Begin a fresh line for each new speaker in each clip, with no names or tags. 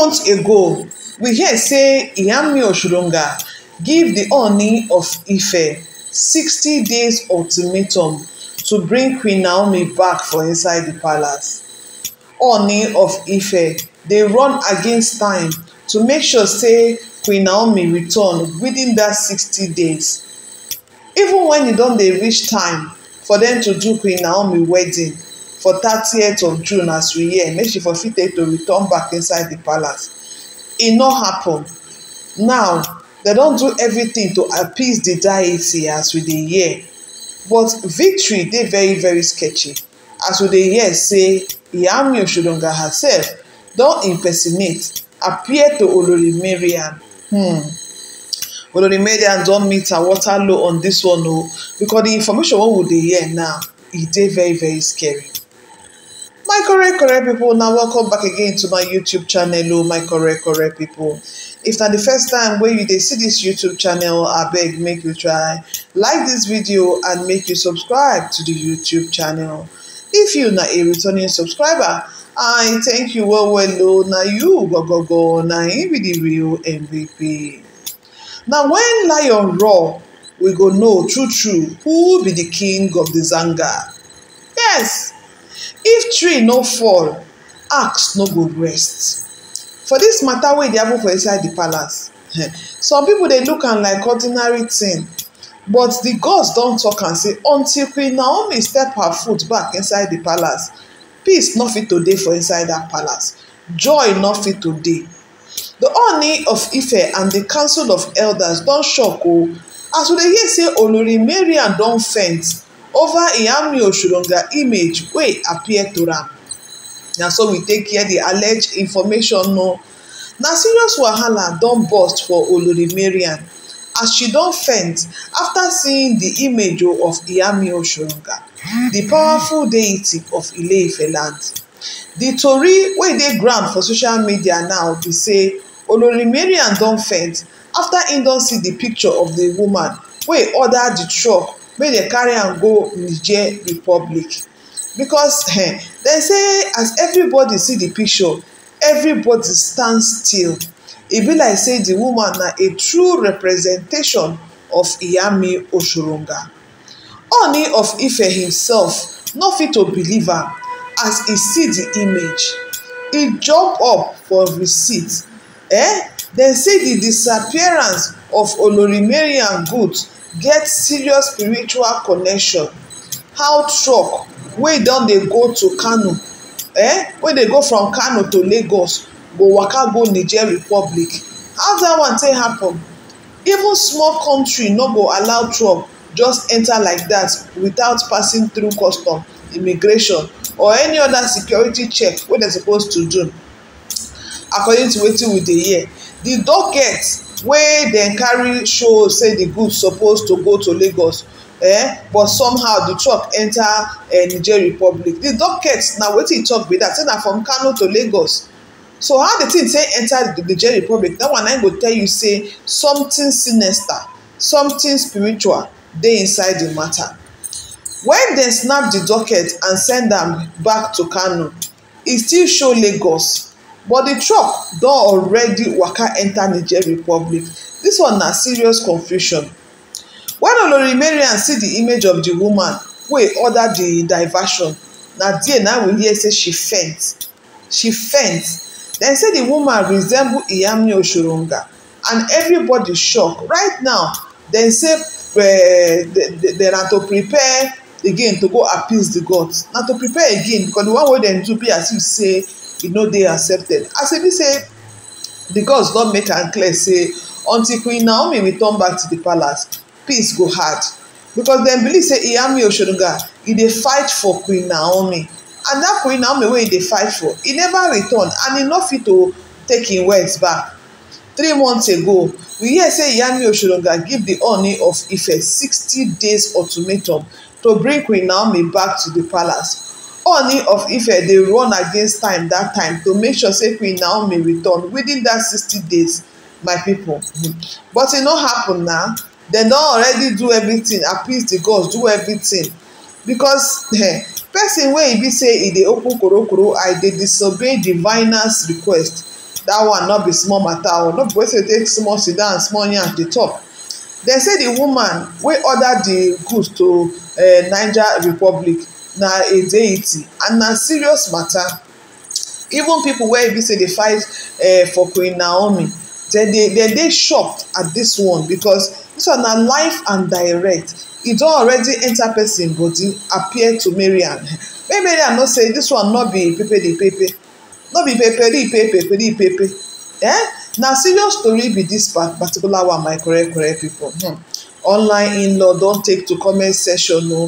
months ago we hear say Iyami Oshulonga give the Ooni of Ife sixty days ultimatum to bring Queen Naomi back for inside the palace. Ooni of Ife dey run against time to make sure say Queen Naomi return within that sixty days. Even when e don dey reach time for dem to do Queen Naomi wedding for 30th of june as we hear make she for fit to return back inside the palace It e not happen. now they don't do everything to appease the deity as we the hear but victory they very very sketchy as we the hear say Iyamu Oshadanga herself don't impersonate appear to Olori Mariam hmm. Olori Mariam don meet her water low on this one o oh. because the information what we dey hear now it e dey very very scary my correct correct people now welcome back again to my youtube channel oh, my correct correct people. if not the first time where you they see this youtube channel I beg make you try like this video and make you subscribe to the youtube channel if you not a returning subscriber i thank you well well o oh. na you go. Now im be the real mvp Now when lion roar we go know true true who be the king of the zanga yes if tree no fall axe no go rest for this matter wey e dey happen for inside the palace eh, some people dey look am like ordinary thing, but the gods don talk am say until queen naomi step her foot back inside the palace peace no fit to dey for inside that palace joy no fit to dey di honey of ife and the council of elders don shock o as we dey hear say olori marian don faint over Iyami Oshulonga image wey appear to am. Na so we take hear the alleged information no. Na serious wahala don burst for Olori as she don faint after seeing the image of Iyami Oshulonga, the powerful deity of Ile-Ife land. di tori wey dey ground for social media now be say olori mariam don faint afta im don see di picture of di woman wey order di truck make dem carry am go niger republic because eh, dem say as everybody see the picture everybody stand still e be like say the woman na a true representation of iyami osoronga oni of ife himself no fit to believe am as e see the image e jump up for receipt eh dem say the disappearance of olori mariam goods get serious spiritual connection how truck wey don dey go to kano eh wey dey go from kano to lagos go waka go niger republic how dat one take happen even small country no go allow truck just enter like that without passing through custom immigration or any other security check wey dem suppose to do according to wetin we dey hear di docket wey dem carry show say di goods suppose to go to lagos eh but somehow di truck enta eh, niger republic di docket na wetin e tok be dat say na from kano to lagos so how di tin say enter di niger republic dat one i go tell you say something sinister something spiritual dey inside di matter wen dem snap di docket and send am back to kano e still show lagos but di truck don already waka enta niger republic dis one na serious confusion wen olorimarian see di image of di woman wey order di diversion na there na we hear say she faint she faint dem say di woman resemble Iyami osoronga and everybody shock right now dem say eh, dem na to prepare again to go appease di gods na to prepare again because di one wey dem do be as if say e no dey accepted as e be say the gods don make am clear say until queen naomi return back to the palace peace go hard because dem believe say iyami oshonuga e dey fight for queen naomi and that queen naomi wey e dey fight for e never return and e no fit to take im words back three months ago we hear say iyami oshonuga give the honey of ife sixty days ultimatum to bring queen naomi back to the palace Oni of Ife dey run against time that time to make sure say Queen Naomi return within that sixty days my people but e no happen na dem don already do everything appease the gods do everything because eh, person wey e be say e dey open korokoro eye dey disobey diviners request That one no be small matter o no be wetin take small sit down small yarn dey talk dem say the woman wey order the goods to uh, niger republic na a deity and na serious matter even pipo wey be say dey fight eh, for queen naomi dem dey shocked at this one because this one na life and direct e don already enter person body appear to marian make marian know say this one no be pepe di pepe no be pepe peperi pepe pepe peperi pepe eh na serious story be dis particular one my correct correct people. hmm online in-law don take to comment section o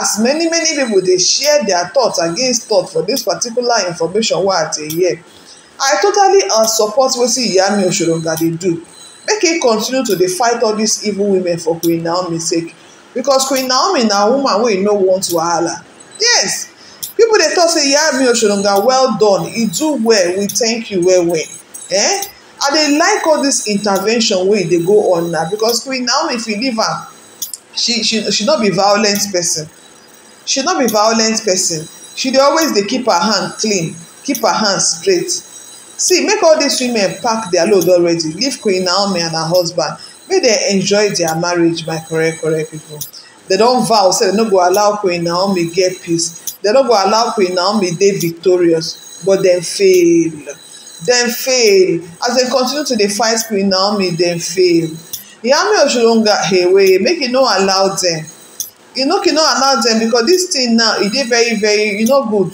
as many many pipo dey share dia thoughts against thought for dis particular information wey i dey hear i totally uh, support wetin iyami osolonga dey do make e continue to dey fight all dis evil women for queen naomi sake because queen naomi na woman wey e no want wahala yes pipo dey tok say iyami osolonga well done e do well we thank you well well eh i dey like all this intervention wey e dey go on now because queen naomi if you leave her, she she she no be violent person she no be violent person she dey always dey keep her hand clean keep her hand straight see make all these women pack their load already leave queen naomi and her husband make dem enjoy their marriage my correct correct people. dem don vow say dem no go allow queen naomi get peace dem no go allow queen naomi dey victorious but dem fail dem fail as dem continue to dey fight queen naomi dem fail yami osolonga ewe make e no allow dem e no no allow dem because dis thing now e dey very very e no good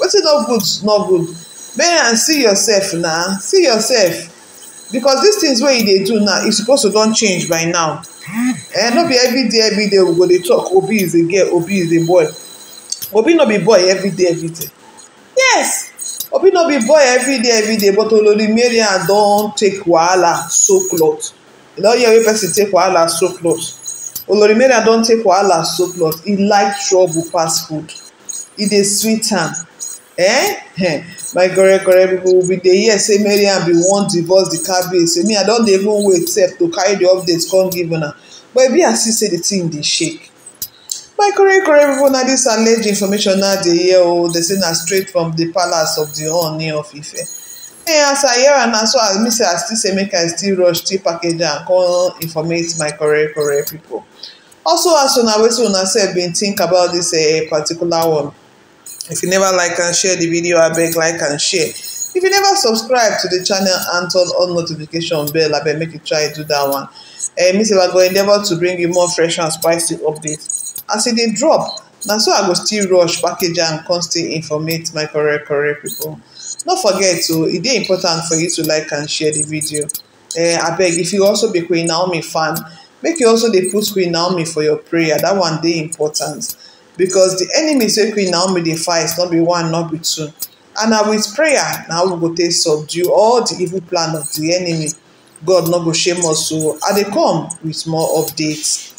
wetin no good no good and see yourself na see yourself because dis things wey you dey do now e suppose to don change by now and eh, no be everyday everyday we go dey talk obi is a girl obi is a boy obi no be boy everyday everyday yes obi no be boy every day. but olori mariam don take wahala sew cloth you don hear wey person take wahala sew cloth olori mariam don take wahala sew cloth e like trouble pass food e dey sweet am eh eh my korekore pipo be dey hear say mariam be wan divorce the cabbie say me i don't even wait sef to carry the updates. come give una but e be I see say the thing dey shake my correct correct people, na this alleged information na dey hear o oh, dey say na straight from the palace of the Ooni of Ife me as i hear am na so as me say i still say make i still rush still package am come informate my correct correct people. also as una wetin una sef bin think about dis eh, particular one if you never like and share the video abeg like and share if you never subscribe to the channel and turn on notification bell abeg make you try do that one eh, me say I go endeavour to bring you more fresh and spicy updates as e dey drop na so i go still rush package am come still informate my correct correct pipo no forget o e dey important for you to like and share di video Eh, abeg if you also be queen naomi fan make you also dey put queen naomi for your prayer dat one dey important because di enemies wey queen naomi dey fight no be one no be two and na with prayer na we go take subdue all di evil plan of di enemy god no go shame us o i dey come with more updates